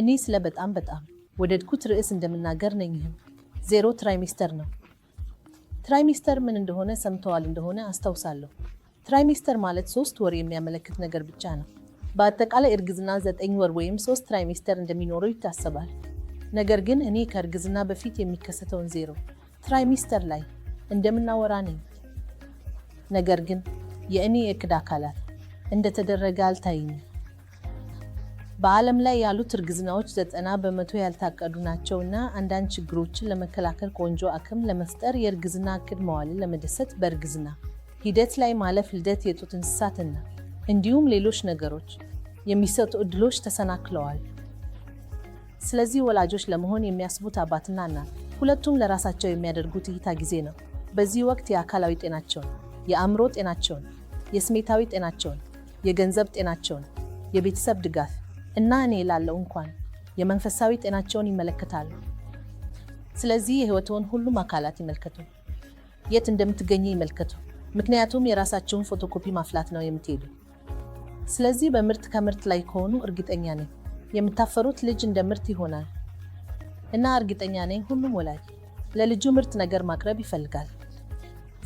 እኔ ስለ በጣም በጣም ወደድኩት ርዕስ እንደምናገር ነኝ። ይህም ዜሮ ትራይሚስተር ነው። ትራይሚስተር ምን እንደሆነ ሰምተዋል እንደሆነ አስታውሳለሁ። ትራይሚስተር ማለት ሶስት ወር የሚያመለክት ነገር ብቻ ነው። በአጠቃላይ እርግዝና ዘጠኝ ወር ወይም ሶስት ትራይሚስተር እንደሚኖረው ይታሰባል። ነገር ግን እኔ ከእርግዝና በፊት የሚከሰተውን ዜሮ ትራይሚስተር ላይ እንደምናወራ ነኝ። ነገር ግን የእኔ የእቅድ አካላት እንደተደረገ አልታይኝም። በዓለም ላይ ያሉት እርግዝናዎች ዘጠና በመቶ ያልታቀዱ ናቸው እና አንዳንድ ችግሮችን ለመከላከል ቆንጆ አክም ለመፍጠር የእርግዝና እቅድ መዋልን ለመደሰት በእርግዝና ሂደት ላይ ማለፍ ልደት፣ የጡት እንስሳትና እንዲሁም ሌሎች ነገሮች የሚሰጡ እድሎች ተሰናክለዋል። ስለዚህ ወላጆች ለመሆን የሚያስቡት አባትና እናት ሁለቱም ለራሳቸው የሚያደርጉት እይታ ጊዜ ነው። በዚህ ወቅት የአካላዊ ጤናቸውን፣ የአእምሮ ጤናቸውን፣ የስሜታዊ ጤናቸውን፣ የገንዘብ ጤናቸውን፣ የቤተሰብ ድጋፍ እና እኔ ላለው እንኳን የመንፈሳዊ ጤናቸውን ይመለከታሉ። ስለዚህ የህይወትዎን ሁሉም አካላት ይመልከቱ። የት እንደምትገኘ ይመልከቱ። ምክንያቱም የራሳቸውን ፎቶኮፒ ማፍላት ነው የምትሄዱ። ስለዚህ በምርት ከምርት ላይ ከሆኑ እርግጠኛ ነኝ የምታፈሩት ልጅ እንደ ምርት ይሆናል እና እርግጠኛ ነኝ ሁሉም ወላጅ ለልጁ ምርት ነገር ማቅረብ ይፈልጋል።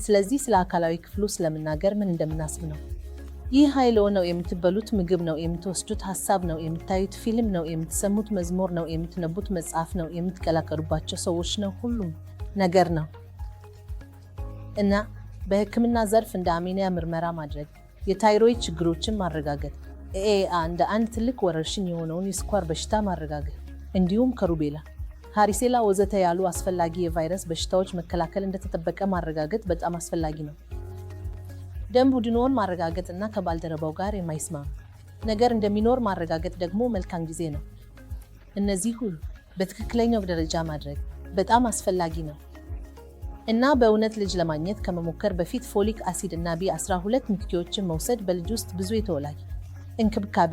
ስለዚህ ስለ አካላዊ ክፍሉ ስለመናገር ምን እንደምናስብ ነው። ይህ ኃይልዎ ነው። የምትበሉት ምግብ ነው። የምትወስዱት ሀሳብ ነው። የምታዩት ፊልም ነው። የምትሰሙት መዝሙር ነው። የምትነቡት መጽሐፍ ነው። የምትቀላቀሉባቸው ሰዎች ነው። ሁሉም ነገር ነው እና በሕክምና ዘርፍ እንደ አሜኒያ ምርመራ ማድረግ፣ የታይሮይድ ችግሮችን ማረጋገጥ፣ ኤኤአ እንደ አንድ ትልቅ ወረርሽኝ የሆነውን የስኳር በሽታ ማረጋገጥ፣ እንዲሁም ከሩቤላ ሃሪሴላ ወዘተ ያሉ አስፈላጊ የቫይረስ በሽታዎች መከላከል እንደተጠበቀ ማረጋገጥ በጣም አስፈላጊ ነው። ደም ቡድንዎን ማረጋገጥ እና ከባልደረባው ጋር የማይስማም ነገር እንደሚኖር ማረጋገጥ ደግሞ መልካም ጊዜ ነው። እነዚህ ሁሉ በትክክለኛው ደረጃ ማድረግ በጣም አስፈላጊ ነው እና በእውነት ልጅ ለማግኘት ከመሞከር በፊት ፎሊክ አሲድ እና ቢ12 ንክኪዎችን መውሰድ በልጅ ውስጥ ብዙ የተወላጅ እንክብካቤ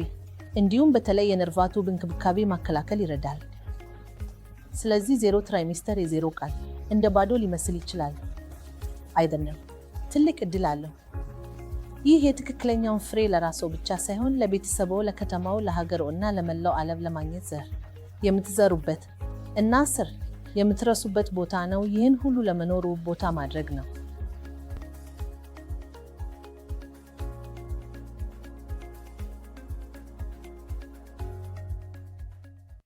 እንዲሁም በተለይ የነርቫቱ እንክብካቤ ማከላከል ይረዳል። ስለዚህ ዜሮ ትራይሚስተር የዜሮ ቃል እንደ ባዶ ሊመስል ይችላል አይደለም፣ ትልቅ እድል አለው። ይህ የትክክለኛውን ፍሬ ለራስዎ ብቻ ሳይሆን ለቤተሰቦ፣ ለከተማው፣ ለሀገሮ እና ለመላው ዓለም ለማግኘት ዘር የምትዘሩበት እና ስር የምትረሱበት ቦታ ነው። ይህን ሁሉ ለመኖሩ ቦታ ማድረግ ነው።